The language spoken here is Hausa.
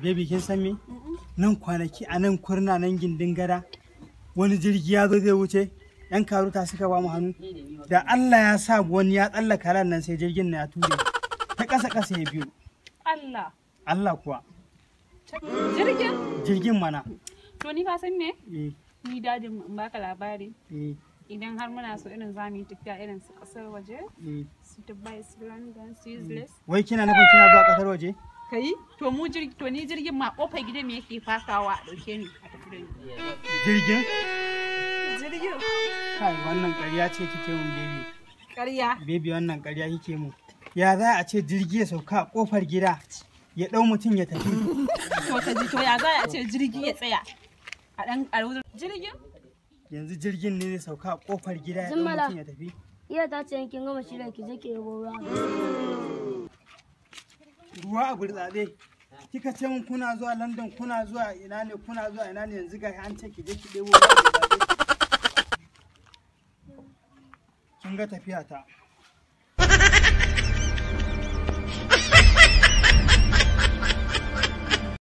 Baby kin san me? Nan kwanaki a nan kurna nan gindin gada wani jirgi ya zo zai wuce yan karuta suka ba hannu da Allah ya sa wani ya tsallaka ran nan sai jirgin na ya ture ta kasa kasa ya biyo. Allah. Allah kuwa. Jirgin? mana. To ni me? Eh. Ni in baka labari. Eh. Idan har muna so irin zamu yi tafiya irin su waje. Eh. Su Dubai, su London, su Wai kina nufin kina zuwa kasar waje? ka yi to mu to ni jirgin ma kofa gidan me yake fasawa a dauke ni a jirgin jirgin kai wannan ƙarya ce kike mun baby ƙarya baby wannan ƙarya kike mu ya za a ce jirgi ya sauka a kofar gida ya ɗau mutum ya tafi to ka ji to ya za a ce jirgi ya tsaya a dan jirgin yanzu jirgin ne zai sauka a kofar gida ya ɗau mutum ya tafi iya ta ce yankin gama shirin ki je ki yi ruwa hmm. ruwa a gurzabe kika ce mun kuna zuwa london kuna zuwa ina ne kuna zuwa ina ne yanzu ga an ce ki je ki ɗebo kin ga tafiya ta